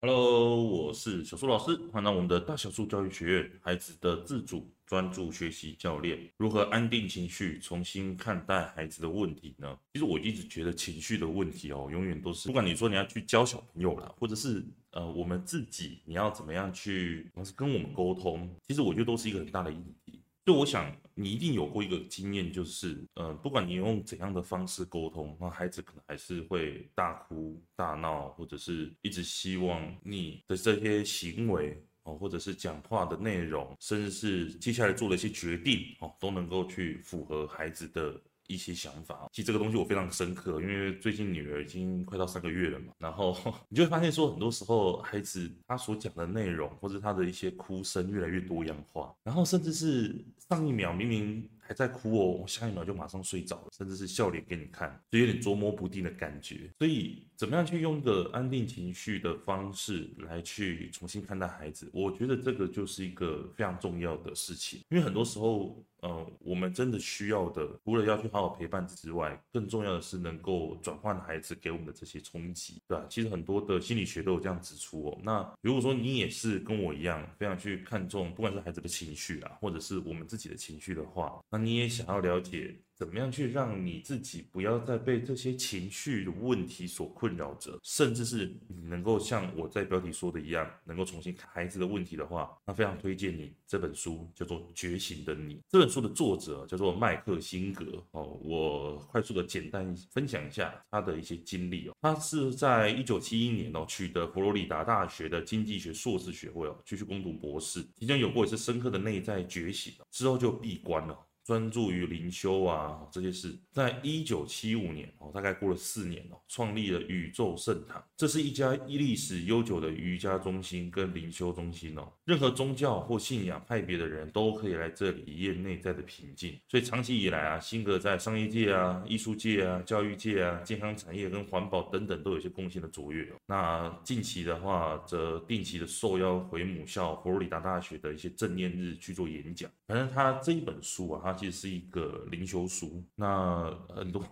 Hello，我是小樹老師，歡迎到我們的大小樹教育學院。孩子的自主專注學習教練，如何安定情緒，重新看待孩子的問題呢？其實我一直覺得情緒的問題哦，永遠都是，不管你說你要去教小朋友啦，或者是呃我們自己，你要怎麼樣去，還是跟我們溝通，其實我覺得都是一個很大的意義。就我想，你一定有過一個經驗，就是，呃，不管你用怎樣的方式溝通，那孩子可能還是會大哭大鬧，或者是一直希望你的這些行為，哦，或者是講話的內容，甚至是接下來做的一些決定，哦，都能夠去符合孩子的。一些想法，其實這個東西我非常深刻，因為最近女兒已經快到三個月了嘛，然後你就會發現說，很多時候孩子他所講的內容或者他的一些哭聲越來越多樣化，然後甚至是上一秒明明還在哭哦，我下一秒就馬上睡着了，甚至是笑臉給你看，就有點捉摸不定的感覺。所以，怎麼樣去用一個安定情緒的方式來去重新看待孩子，我覺得這個就是一個非常重要的事情，因為很多時候。嗯、呃，我們真的需要的，除了要去好好陪伴之外，更重要的是能夠轉換孩子給我們的這些衝擊，對吧、啊？其實很多的心理學都有這樣指出哦。那如果說你也是跟我一樣，非常去看重，不管是孩子的情緒啊，或者是我們自己的情緒的話，那你也想要了解。怎麼樣去讓你自己不要再被這些情緒的問題所困擾着，甚至是你能夠像我在標題說的一樣，能夠重新看孩子的問題的話，那非常推薦你這本書，叫做《覺醒的你》。這本書的作者叫做麥克辛格。哦，我快速的簡單分享一下他的一些經歷哦。他是在一九七一年哦取得佛羅里達大學的經濟學碩士學位哦，繼續攻讀博士，曾經有過一次深刻的內在覺醒之後就閉關了。專注於靈修啊這些事，在一九七五年哦，大概過了四年哦，創立了宇宙聖堂。這是一家歷史悠久的瑜伽中心跟靈修中心哦，任何宗教或信仰派別的人都可以來這裡體驗內在的平靜。所以長期以來啊，辛格在商業界啊、藝術界啊、教育界啊、健康產業跟環保等等都有些貢獻的卓越。那近期的話，則定期的受邀回母校佛羅里達大學的一些正念日去做演講。反正他這一本書啊，他。其實是一個靈修書，那很多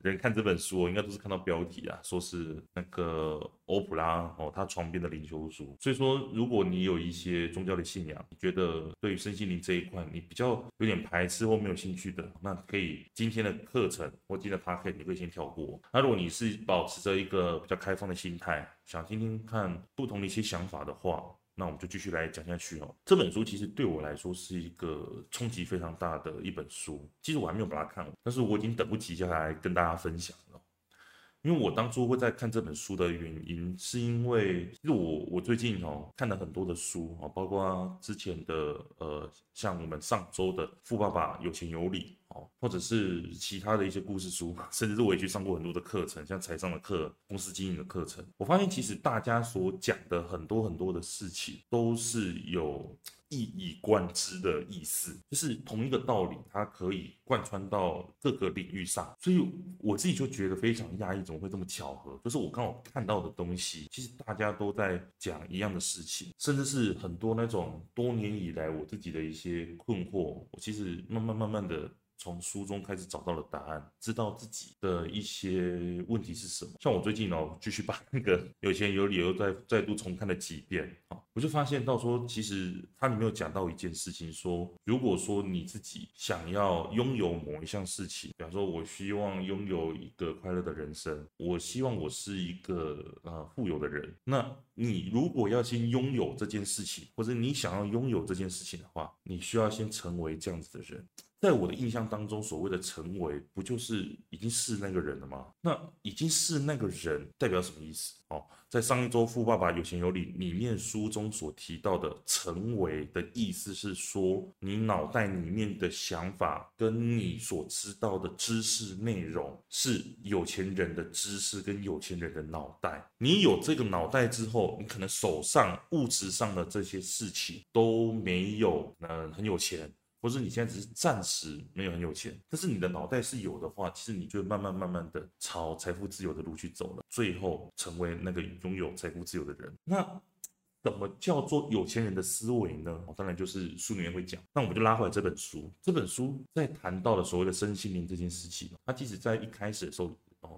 人看這本書，哦，應該都是看到標題啊,說是那個歐普拉哦,她床邊的靈修書。所以說,如果你有一些宗教的信仰,你覺得對於身心靈這一塊你比較有點排斥或沒有興趣的,那可以今天的課程或今天的 P K 你可以先跳過。那如果你是保持着一個比較開放的心態，想聽聽看不同的一些想法的話，那我們就繼續來講下去哦。這本書其實對我來說是一個衝擊非常大的一本書。其實我還沒有把它看完，但是我已經等不及下來跟大家分享了。因為我當初會在看這本書的原因，是因為其實我我最近哦看了很多的書，包括之前的呃，像我們上周的《富爸爸有錢有理》。或者是其他的一些故事書，甚至是我也去上過很多的課程，像財商的課、公司經營的課程。我發現，其實大家所講的很多很多的事情，都是有“一以貫之”的意思，就是同一個道理，它可以貫穿到各個領域上。所以我自己就覺得非常訝異，怎麼會這麼巧合？就是我剛好看到的東西，其實大家都在講一樣的事情，甚至是很多那種多年以來我自己的一些困惑，我其實慢慢慢慢的。從書中開始找到了答案，知道自己的一些問題是什麼。像我最近呢、哦，繼續把那個《有錢有理由》再再度重看了幾遍啊，我就發現到說，其實它裡面有講到一件事情說，說如果說你自己想要擁有某一項事情，比方說我希望擁有一個快樂的人生，我希望我是一個呃富有的人，那你如果要先擁有這件事情，或者你想要擁有這件事情的話，你需要先成為這樣子的人。在我的印象當中，所謂的成為，不就是已經是那個人了嗎？那已經是那個人代表什麼意思？哦，在上一周《富爸爸有錢有理》裡面書中所提到的成為的意思是說，你腦袋裡面的想法跟你所知道的知識內容是有錢人的知識跟有錢人的腦袋。你有這個腦袋之後，你可能手上物質上的這些事情都沒有，嗯、呃，很有錢。不是你現在只是暫時沒有很有錢，但是你的腦袋是有的話，其實你就慢慢慢慢的朝財富自由的路去走了，最後成為那個擁有財富自由的人。那怎麼叫做有錢人的思維呢？我當然就是書裡面會講。那我們就拉回來，這本書，這本書在談到了所謂的身心靈這件事情，它其實在一開始的時候。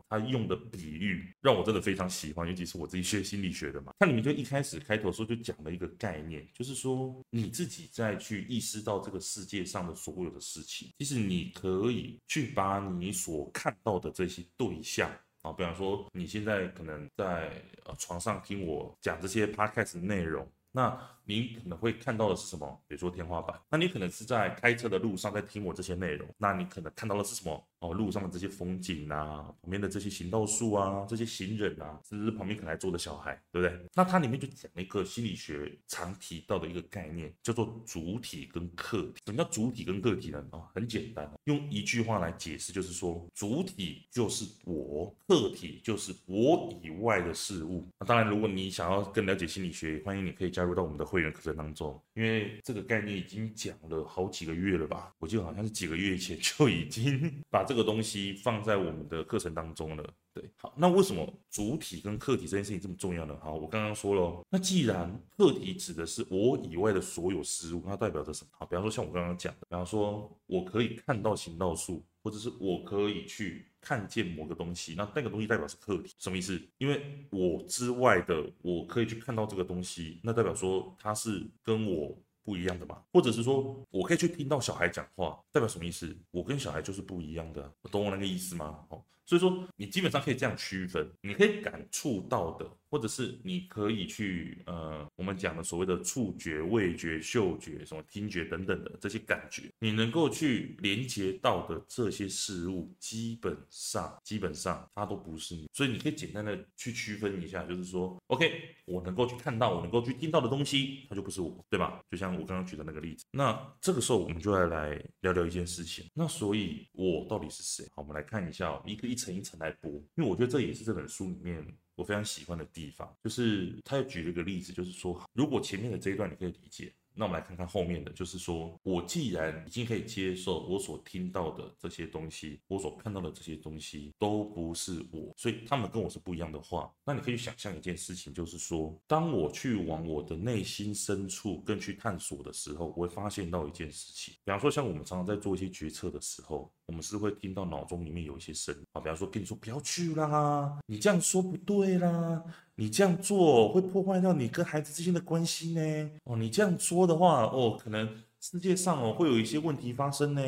他用的比喻讓我真的非常喜歡，尤其是我自己學心理學的嘛。他裡面就一開始開頭的時候就講了一個概念，就是說你自己再去意識到這個世界上的所有的事情，其實你可以去把你所看到的這些對象啊，比方說你現在可能在呃床上聽我講這些 podcast 的內容，那你可能會看到的是什麼？比如說天花板。那你可能是在開車的路上在聽我這些內容，那你可能看到的是什麼？哦，路上的這些風景吶、啊，旁邊的這些行道樹啊，這些行人吶、啊，甚至旁邊可能還坐的小孩，對不對？那它裡面就講了一個心理學常提到的一個概念，叫做主體跟客體。什麼叫主體跟客體呢？啊、哦，很簡單、哦，用一句話來解釋，就是說主體就是我，客體就是我以外的事物。那當然，如果你想要更了解心理學，歡迎你可以加入到我們的會員課程當中，因為這個概念已經講了好幾個月了吧？我記得好像是幾個月前就已經把。這個東西放在我們的課程當中了，對。好，那為什麼主體跟客體這件事情這麼重要呢？好，我剛剛說了，那既然客體指的是我以外的所有事物，它代表着什麼？好，比方說像我剛剛講的，比方說我可以看到行道樹，或者是我可以去看見某個東西，那那個東西代表是客體，什麼意思？因為我之外的我可以去看到這個東西，那代表說它是跟我。不一樣的吧，或者是說，我可以去聽到小孩講話，代表什麼意思？我跟小孩就是不一樣的，我懂我那個意思嗎？哦。所以說，你基本上可以這樣區分，你可以感觸到的，或者是你可以去，呃，我們講的所謂的觸覺、味覺、嗅覺，什麼聽覺等等的這些感覺，你能夠去連接到的這些事物，基本上，基本上它都不是你。所以你可以簡單的去區分一下，就是說，OK，我能夠去看到，我能夠去聽到的東西，它就不是我，對吧？就像我剛剛舉的那個例子。那這個時候，我們就要來聊聊一件事情。那所以，我到底是誰？好，我們來看一下，一個一。一層一層來剝，因為我覺得這也是這本書裡面我非常喜歡的地方，就是他又舉了一個例子，就是說，如果前面的這一段你可以理解，那我們來看看後面的，就是說我既然已經可以接受我所聽到的這些東西，我所看到的這些東西都不是我，所以他們跟我是不一樣的話，那你可以去想象一件事情，就是說，當我去往我的內心深處更去探索的時候，我會發現到一件事情，比方說像我們常常在做一些決策的時候。我們是會聽到腦中裡面有一些聲音啊，比方說跟你說不要去啦，你這樣說不對啦，你這樣做會破壞到你跟孩子之間的關係呢。哦，你這樣說的話，哦，可能世界上哦會有一些問題發生呢。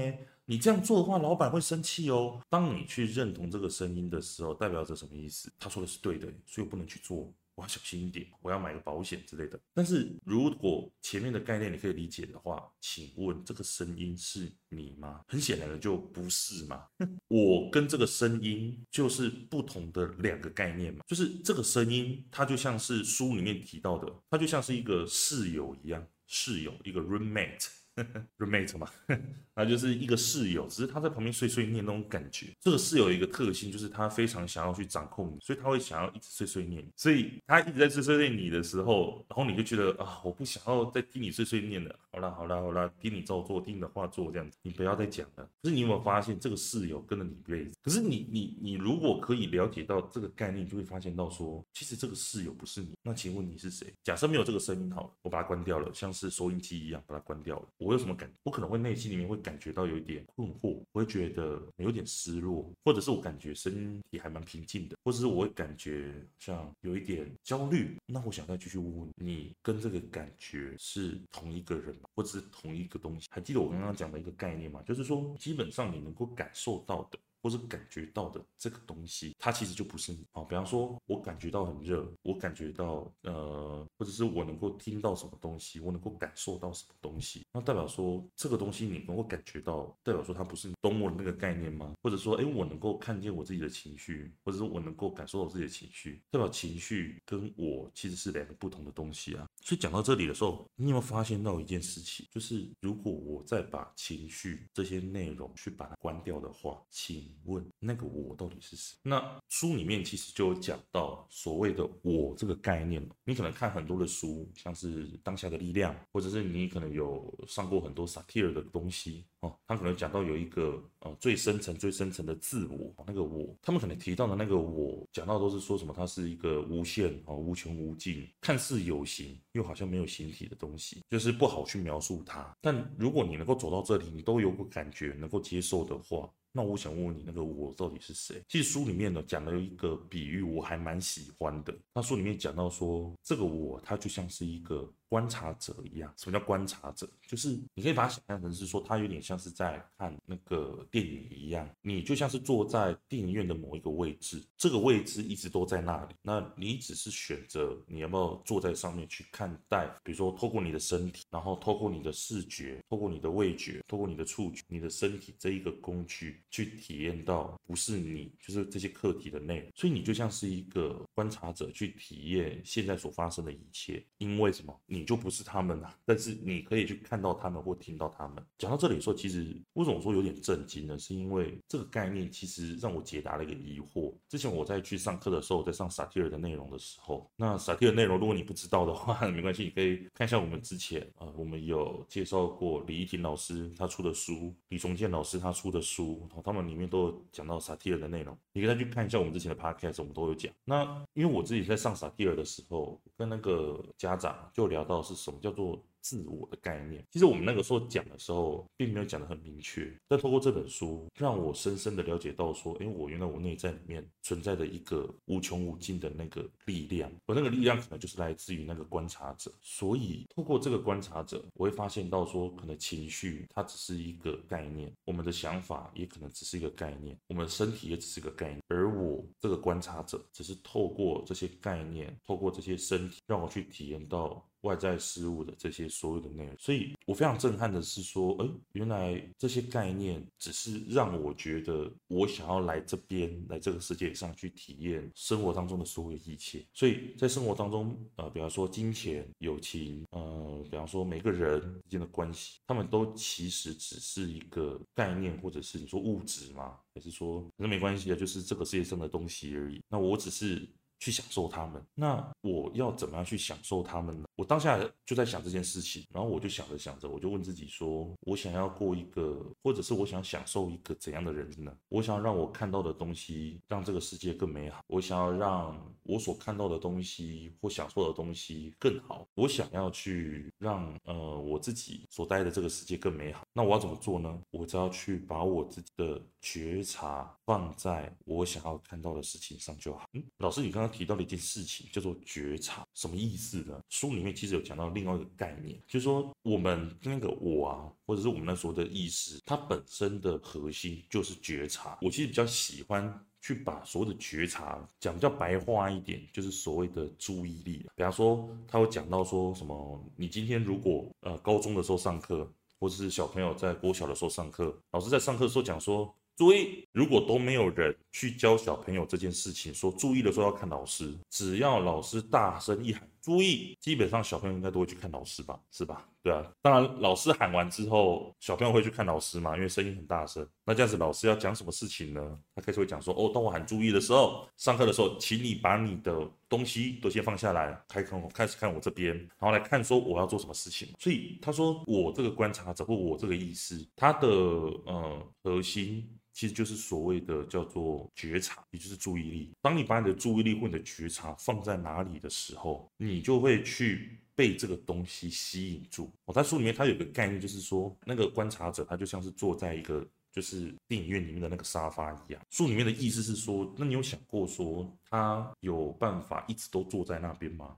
你這樣做的話，老板會生氣哦。當你去認同這個聲音的時候，代表着什麼意思？他說的是對的，所以我不能去做。我要小心一點，我要買個保險之類的。但是如果前面的概念你可以理解的話，請問這個聲音是你嗎？很顯然的，就不是嘛。我跟這個聲音就是不同的兩個概念嘛。就是這個聲音，它就像是書裡面提到的，它就像是一個室友一樣，室友一個 roommate，roommate roommate 嘛。呵呵。他就是一個室友，只是他在旁邊碎碎念那種感覺。這個室友有一個特性，就是他非常想要去掌控你，所以他會想要一直碎碎念你。所以他一直在碎碎念你的時候，然後你就覺得啊，我不想要再聽你碎碎念了。好啦好啦好啦，聽你照做，聽你的話做這樣子，你不要再講了。可是你有沒有發現，這個室友跟了你一輩子？可是你你你如果可以了解到這個概念，就會發現到說，其實這個室友不是你，那請問你是誰？假設沒有這個聲音，好了，我把它關掉了，像是收音機一樣把它關掉了，我有什麼感覺？我可能會內心裡面會感。感覺到有一點困惑，我會覺得有點失落，或者是我感覺身體還蠻平靜的，或者是我感覺像有一點焦慮。那我想再繼續問你，你跟這個感覺是同一個人，或者是同一個東西？還記得我剛剛講的一個概念嗎？就是說，基本上你能夠感受到的。或者感覺到的這個東西，它其實就不是你啊、哦。比方說，我感覺到很熱，我感覺到呃，或者是我能夠聽到什麼東西，我能夠感受到什麼東西，那代表說這個東西你能夠感覺到，代表說它不是你，懂我的那個概念嗎？或者說，哎，我能夠看見我自己的情緒，或者是我能夠感受到我自己的情緒，代表情緒跟我其實是兩個不同的東西啊。所以講到這裡的時候，你有沒有發現到一件事情？就是如果我再把情緒這些內容去把它關掉的話，請。問那個我到底是誰？那書裡面其實就有講到所謂的“我”這個概念。你可能看很多的書，像是《當下的力量》，或者是你可能有上過很多薩提爾的東西哦。他可能講到有一個呃、哦、最深層、最深層的自我，那個我。他們可能提到的那個我，講到都是說什麼？它是一個無限、哦、無窮無盡，看似有形又好像沒有形體的東西，就是不好去描述它。但如果你能夠走到這裡，你都有個感覺能夠接受的話。那我想問問你，那個我到底是誰？其實書裡面呢講了一個比喻，我還蠻喜歡的。那書裡面講到說，這個我，它就像是一個。觀察者一樣，什麼叫觀察者？就是你可以把它想象成是說，他有點像是在看那個電影一樣，你就像是坐在電影院的某一個位置，這個位置一直都在那裡，那你只是選擇你要不要坐在上面去看待，比如說透過你的身體，然後透過你的視覺，透過你的味覺，透過你的觸覺，你的身體這一個工具去體驗到，不是你，就是這些課題的內容，所以你就像是一個觀察者去體驗現在所發生的一切，因為什麼？你。你就不是他們了，啊，但是你可以去看到他們或聽到他們。講到這裡的時候，其實為什麼我說有點震驚呢？是因為這個概念其實讓我解答了一個疑惑。之前我在去上課的時候，我在上薩提爾的內容的時候，那薩提爾的內容，如果你不知道的話，沒關係，你可以看一下我們之前啊，呃，我們有介紹過李怡婷老師他出的書，李崇建老師他出的書，他們裡面都有講到薩提爾的內容，你可以再去看一下我們之前的 podcast，我們都有講。那因為我自己在上薩提爾的時候，跟那個家長就聊。到是什麼叫做自我的概念？其實我們那個時候講的時候，並沒有講得很明確。但通過這本書，讓我深深的了解到說，為、欸、我原來我內在裡面存在着一個無窮無盡的那個力量，我那個力量可能就是來自於那個觀察者。所以透過這個觀察者，我會發現到說，可能情緒它只是一個概念，我們的想法也可能只是一個概念，我們的身體也只是個概念，而我這個觀察者只是透過這些概念，透過這些身體，讓我去體驗到。外在事物的這些所有的內容，所以我非常震撼的是說，誒、欸，原來這些概念只是讓我覺得我想要來這邊，來這個世界上去體驗生活當中的所有一切。所以在生活當中，呃，比方說金錢、友情，呃，比方說每個人之間的關係，他們都其實只是一個概念，或者是你說物質嗎？還是說，那沒關係啊，就是這個世界上的東西而已。那我只是。去享受他們，那我要怎麼樣去享受他們呢？我當下就在想這件事情，然後我就想着想着，我就問自己說：我想要過一個，或者是我想享受一個怎樣的人生呢？我想要讓我看到的東西讓這個世界更美好，我想要讓我所看到的東西或享受的東西更好，我想要去讓呃我自己所待的這個世界更美好。那我要怎麼做呢？我只要去把我自己的覺察放在我想要看到的事情上就好。嗯，老師，你剛剛。提到了一件事情，叫做覺察，什麼意思呢？書裡面其實有講到另外一個概念，就是說我們那個我啊，或者是我們那所說的意識，它本身的核心就是覺察。我其實比較喜歡去把所有的覺察講比較白話一點，就是所謂的注意力。比方說，他會講到說什麼，你今天如果呃高中的時候上課，或者是小朋友在國小的時候上課，老師在上課的時候講說。注意，如果都沒有人去教小朋友這件事情，說注意的時候要看老師。只要老師大聲一喊注意，基本上小朋友應該都會去看老師吧？是吧？對啊。當然，老師喊完之後，小朋友會去看老師嘛？因為聲音很大聲。那這樣子，老師要講什麼事情呢？他開始會講說：“哦，當我喊注意的時候，上課的時候，請你把你的東西都先放下來，開口，開始看我這邊，然後來看說我要做什麼事情。”所以他說：“我這個觀察，只不過我這個意思，他的呃核心。”其實就是所謂的叫做覺察，也就是注意力。當你把你的注意力或者覺察放在哪裡的時候，你就會去被這個東西吸引住。哦，在書裡面他有個概念，就是說那個觀察者，他就像是坐在一個就是電影院裡面的那個沙發一樣。書裡面的意思是說，那你有想過說他有辦法一直都坐在那邊嗎？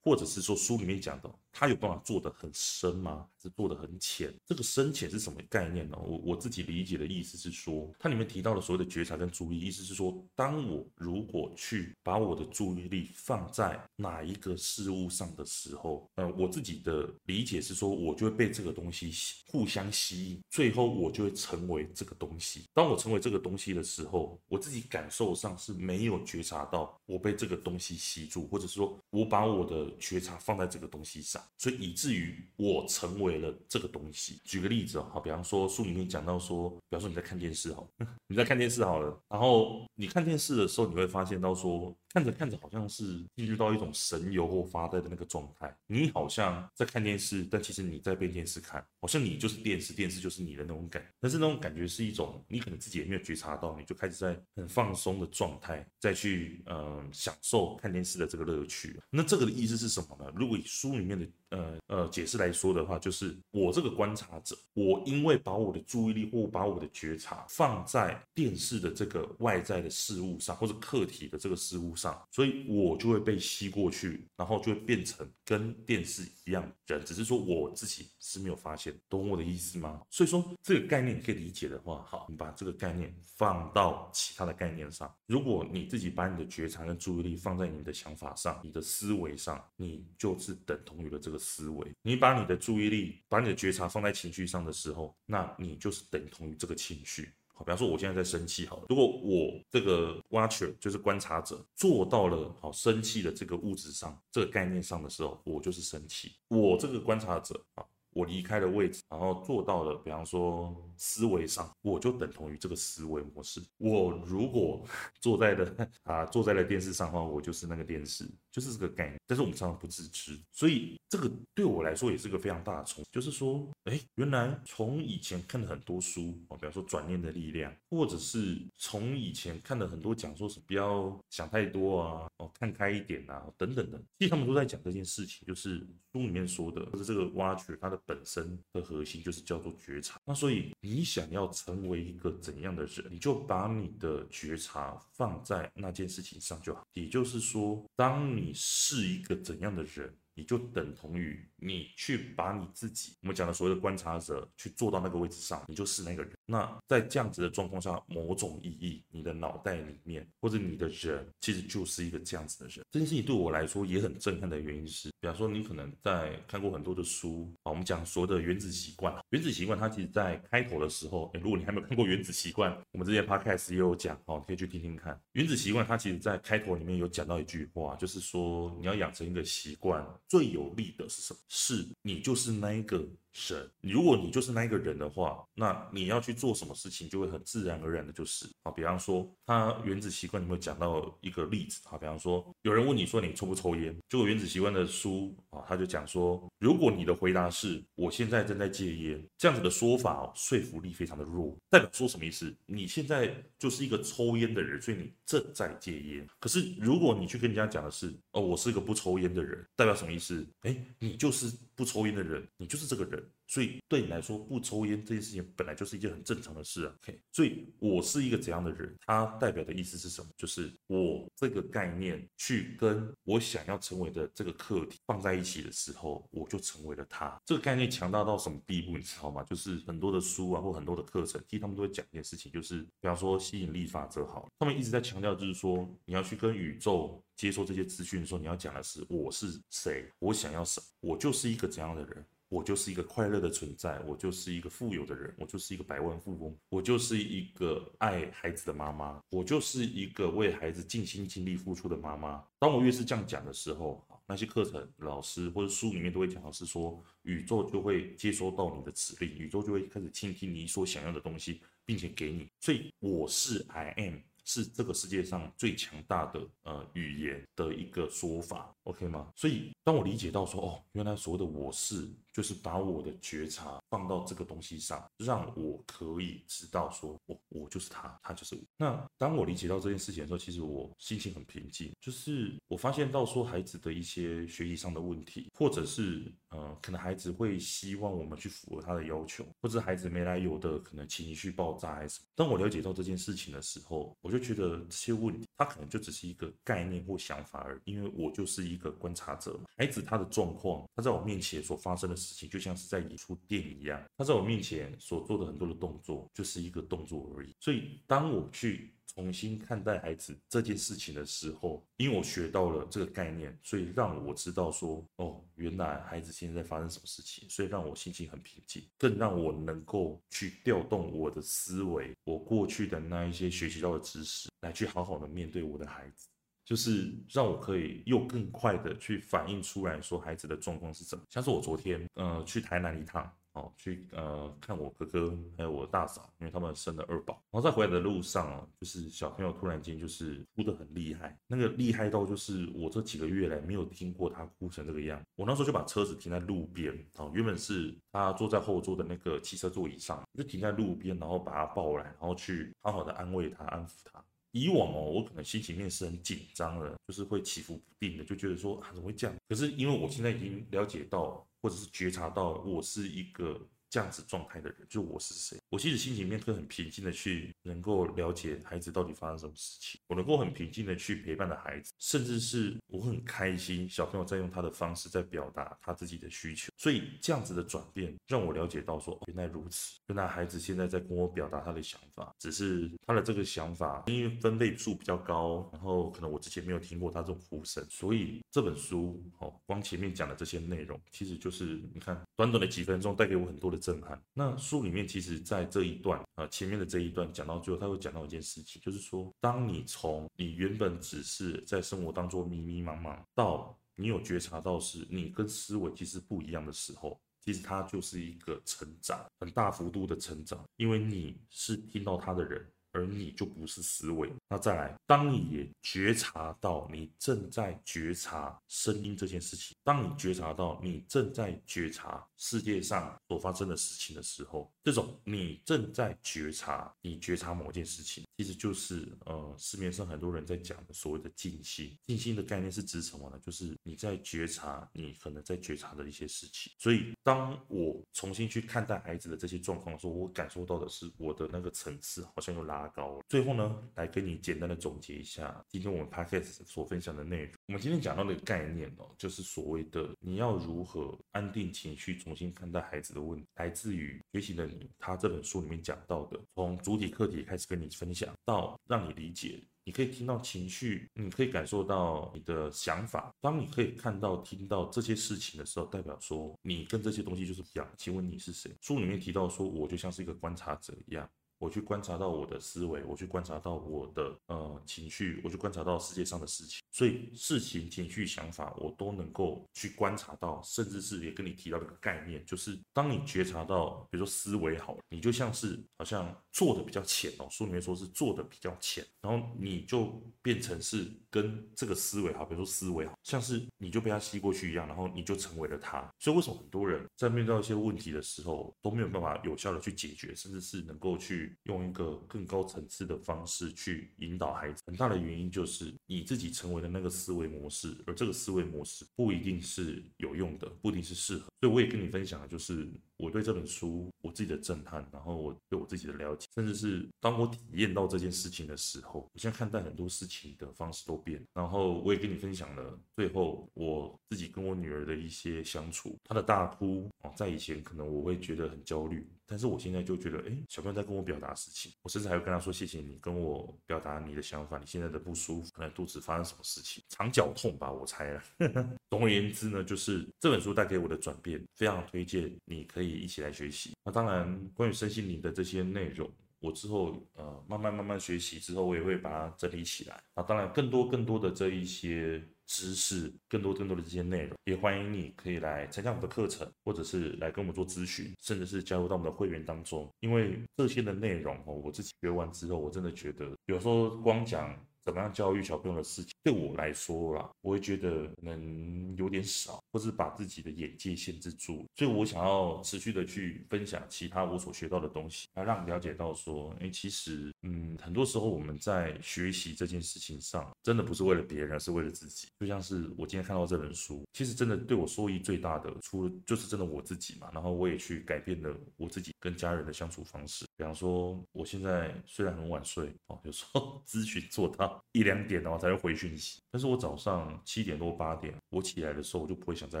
或者是說書裡面講的。他有辦法做得很深嗎？還是做得很淺？這個深淺是什麼概念呢？我我自己理解的意思是說，它裡面提到的所謂的覺察跟注意，意思是說，當我如果去把我的注意力放在哪一個事物上的時候，嗯、呃，我自己的理解是說，我就會被這個東西吸，互相吸引，最後我就會成為這個東西。當我成為這個東西的時候，我自己感受上是沒有覺察到我被這個東西吸住，或者是說我把我的覺察放在這個東西上。所以以至於我成為了這個東西。舉個例子啊，好，比方說書裡面講到說，比方說你在看電視，哈，你在看電視好了，然後你看電視的時候，你會發現到說。看着看着，看着好像是進入到一種神遊或發呆的那個狀態。你好像在看電視，但其實你在被電視看，好像你就是電視，電視就是你的那種感。但是那種感覺是一種，你可能自己也沒有覺察到，你就開始在很放鬆的狀態，再去嗯、呃、享受看電視的這個樂趣。那這個的意思是什麼呢？如果以書裡面的呃呃解釋來說的話，就是我這個觀察者，我因為把我的注意力或把我的覺察放在電視的這個外在的事物上，或者客體的這個事物上。所以我就會被吸過去，然後就會變成跟電視一樣的人，只是說我自己是沒有發現，懂我的意思嗎？所以說這個概念你可以理解的話，好，你把這個概念放到其他的概念上。如果你自己把你的覺察跟注意力放在你的想法上，你的思維上，你就是等同於了這個思維。你把你的注意力，把你的覺察放在情緒上的時候，那你就是等同於這個情緒。好，比方說，我現在在生氣，好了，如果我這個 watcher 就是觀察者做到了好生氣的這個物質上這個概念上的時候，我就是生氣。我這個觀察者啊，我離開了位置，然後做到了，比方說思維上，我就等同於這個思維模式。我如果坐在了啊，坐在了電視上的話，我就是那個電視，就是這個概念。但是我們常常不自知，所以這個對我來說也是個非常大的衝擊。就是說，哎，原來從以前看的很多書哦，比方說《轉念的力量》，或者是從以前看的很多講說是不要想太多啊，哦，看開一點啊，等等的，其實他們都在講這件事情。就是書裡面說的，就是這個挖掘它的本身的核心，就是叫做覺察。那所以你想要成為一個怎樣的人，你就把你的覺察放在那件事情上就好。也就是說，當你適應。一個怎樣的人，你就等同於。你去把你自己，我們講的所謂的觀察者，去坐到那個位置上，你就是那個人。那在這樣子的狀況下，某種意義，你的腦袋裡面或者你的人，其實就是一個這樣子的人。這件事情對我來說也很震撼的原因是，比方說你可能在看過很多的書啊，我們講所有的原子習慣，原子習慣它其實，在開頭的時候，誒，如果你還沒有看過原子習慣，我們之前 Podcast 也有講，哦，你可以去聽聽看。原子習慣它其實，在開頭裡面有講到一句話，就是說你要養成一個習慣，最有利的是什麼？是你，就是那一個。神，如果你就是那一個人的話，那你要去做什麼事情，就會很自然而然的就是啊。比方說他原子習慣有沒有講到一個例子啊？比方說有人問你說你抽不抽煙？這個原子習慣的書啊，他就講說，如果你的回答是我現在正在戒煙，這樣子的說法，哦，說服力非常的弱，代表說什麼意思？你現在就是一個抽煙的人，所以你正在戒煙。可是如果你去跟人家講的是哦，我是一個不抽煙的人，代表什麼意思？哎，你就是不抽煙的人，你就是這個人。所以對你來說，不抽煙這件事情本來就是一件很正常的事啊，okay。所以，我是一個怎樣的人，它代表的意思是什麼？就是我這個概念去跟我想要成為的這個課題放在一起的時候，我就成為了他。這個概念強大到什麼地步，你知道嗎？就是很多的書啊，或很多的課程，其實他們都會講一件事情，就是比方說吸引力法則好。他們一直在強調，就是說你要去跟宇宙接受這些資訊的時候，你要講的是我是誰，我想要什，我就是一個怎樣的人。我就是一個快樂的存在，我就是一個富有的人，我就是一個百萬富翁，我就是一個愛孩子的媽媽，我就是一個為孩子盡心盡力付出的媽媽。當我越是這樣講的時候，那些課程老師或者書裡面都會講到，是說宇宙就會接收到你的指令，宇宙就會開始傾聽你所想要的東西，並且給你。所以，我是 I am 是這個世界上最強大的呃語言的一個說法，OK 嗎？所以，當我理解到說，哦，原來所謂的我是。就是把我的覺察放到這個東西上，讓我可以知道說我，我我就是他，他就是我。那當我理解到這件事情的時候，其實我心情很平靜。就是我發現到說，孩子的一些學習上的問題，或者是呃，可能孩子會希望我們去符合他的要求，或者孩子沒來由的可能情緒爆炸還是什麼。當我了解到這件事情的時候，我就覺得這些問題，他可能就只是一個概念或想法而已，因為我就是一個觀察者。孩子他的狀況，他在我面前所發生的事。事情就像是在演出電影一樣，他在我面前所做的很多的動作，就是一個動作而已。所以，當我去重新看待孩子這件事情的時候，因為我學到了這個概念，所以讓我知道說，哦，原來孩子現在在發生什麼事情，所以讓我心情很平靜，更讓我能夠去調動我的思維，我過去的那一些學習到的知識，來去好好的面對我的孩子。就是讓我可以又更快的去反映出來說孩子的狀況是怎麼。像是我昨天，呃，去台南一趟，哦，去呃看我哥哥還有我大嫂，因為他們生了二寶。然後在回來的路上，就是小朋友突然間就是哭得很厲害，那個厲害到就是我這幾個月來沒有聽過他哭成這個樣。我那時候就把車子停在路邊，哦，原本是他坐在後座的那個汽車座椅上，就停在路邊，然後把他抱過來，然後去好好的安慰他，安撫他。以往哦，我可能心情面是很緊張的，就是會起伏不定的，就覺得說啊怎麼會這樣？可是因為我現在已經了解到，或者是覺察到，我是一個。這樣子狀態的人，就我是誰？我其實心裡面會很平靜的去，能夠了解孩子到底發生什麼事情。我能夠很平靜的去陪伴着孩子，甚至是我很開心，小朋友在用他的方式在表達他自己的需求。所以這樣子的轉變，讓我了解到說，哦、原來如此，原來孩子現在在跟我表達他的想法，只是他的這個想法因為分貝數比較高，然後可能我之前沒有聽過他這種呼聲。所以這本書，哦，光前面講的這些內容，其實就是你看，短短的幾分鐘帶給我很多的。震撼。那書裡面其實，在這一段啊，前面的這一段講到最後，他會講到一件事情，就是說，當你從你原本只是在生活當中迷迷茫茫，到你有覺察到是你跟思維其實不一樣的時候，其實他就是一個成長，很大幅度的成長，因為你是聽到他的人。而你就不是思維。那再來，當你也覺察到你正在覺察聲音這件事情，當你覺察到你正在覺察世界上所發生的事情的時候，這種你正在覺察，你覺察某件事情，其實就是呃，市面上很多人在講的所謂的靜心。靜心的概念是指什麼呢？就是你在覺察，你可能在覺察的一些事情。所以，當我重新去看待孩子的這些狀況的時候，我感受到的是我的那個層次好像又拉高，最後呢，來跟你簡單的總結一下今天我們 Podcast 所分享的內容。我們今天講到那個概念哦，就是所謂的你要如何安定情緒，重新看待孩子的問題，來自於《覺醒的你》他這本書裡面講到的，從主體客體開始跟你分享到，到讓你理解，你可以聽到情緒，你可以感受到你的想法，當你可以看到、聽到這些事情的時候，代表說你跟這些東西就是不一樣。請問你是誰？書裡面提到說，我就像是一個觀察者一樣。我去觀察到我的思維，我去觀察到我的呃情緒，我去觀察到世界上的事情，所以事情、情緒、想法，我都能夠去觀察到，甚至是也跟你提到這個概念，就是當你覺察到，比如說思維好，你就像是好像做的比較淺哦，書裡面說是做的比較淺，然後你就變成是跟這個思維好，比如說思維好，像是你就被它吸過去一樣，然後你就成為了它，所以為什麼很多人在面對一些問題的時候都沒有辦法有效的去解決，甚至是能夠去。用一個更高層次的方式去引導孩子，很大的原因就是你自己成為的那個思維模式，而這個思維模式不一定是有用的，不一定是適合。所以我也跟你分享的就是。我對這本書我自己的震撼，然後我對我自己的了解，甚至是當我體驗到這件事情的時候，我現在看待很多事情的方式都變。然後我也跟你分享了最後我自己跟我女兒的一些相處。她的大哭哦，在以前可能我會覺得很焦慮，但是我現在就覺得哎，小朋友在跟我表達事情，我甚至還會跟她說謝謝你跟我表達你的想法，你現在的不舒服，可能肚子發生什麼事情，腸絞痛吧，我猜了呵呵。總而言之呢，就是這本書帶給我的轉變，非常推薦你可以。一起來學習。那當然，關於身心靈的這些內容，我之後呃慢慢慢慢學習之後，我也會把它整理起來。那當然，更多更多的這一些知識，更多更多的這些內容，也歡迎你可以來參加我們的課程，或者是來跟我們做諮詢，甚至是加入到我們的會員當中。因為這些的內容哦，我自己學完之後，我真的覺得有時候，比如說光講。怎麼樣教育小朋友的事情，對我來說啦，我會覺得可能有點少，或是把自己的眼界限制住，所以我想要持續的去分享其他我所學到的東西，來讓你了解到說，因為其實，嗯，很多時候我們在學習這件事情上，真的不是為了別人，而是為了自己。就像是我今天看到這本書，其實真的對我收益最大的，除了就是真的我自己嘛，然後我也去改變了我自己跟家人的相處方式。比方說，我現在雖然很晚睡，有時候諮詢做到一兩點然後才會回訊息，但是我早上七點多八點我起來的時候，我就不會想再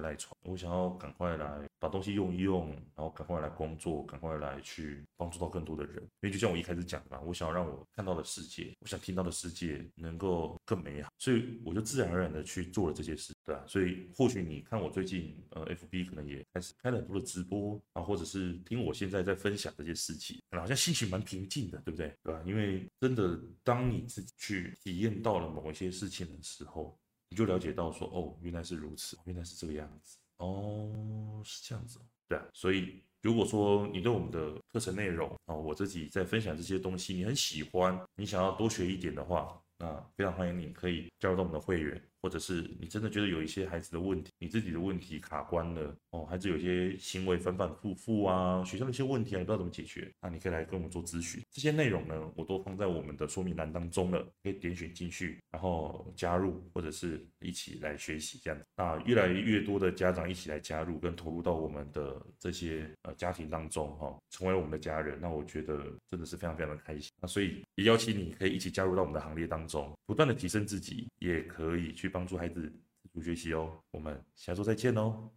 賴床，我想要趕快來把東西用一用，然後趕快來工作，趕快來去幫助到更多的人。因為就像我一開始講的嘛，我想要讓我看到的世界，我想聽到的世界能夠更美好，所以我就自然而然的去做了這些事。對啊，所以或許你看我最近呃，FB 可能也開始開了很多的直播啊，或者是聽我現在在分享這些事情，啊，好像心情蠻平靜的，對不對？對啊，因為真的當你自己去體驗到了某一些事情的時候，你就了解到說哦，原來是如此，原來是這個樣子，哦，是這樣子哦。對啊，所以如果說你對我們的課程內容啊，我自己在分享這些東西，你很喜歡，你想要多學一點的話，那，啊，非常歡迎你可以加入到我們的會員。或者是你真的覺得有一些孩子的問題，你自己的問題卡關了哦，孩子有一些行為反反复覆啊，學校的一些問題啊，不知道怎麼解決，那你可以來跟我們做諮詢。這些內容呢，我都放在我們的說明欄當中了，可以點選進去，然後加入，或者是一起來學習這樣子。那越來越多的家長一起來加入跟投入到我們的這些呃家庭當中哈，成為我們的家人，那我覺得真的是非常非常的開心。那所以也邀請你可以一起加入到我們的行列當中，不斷的提升自己，也可以去。幫助孩子自主學習哦，我們下周再見哦。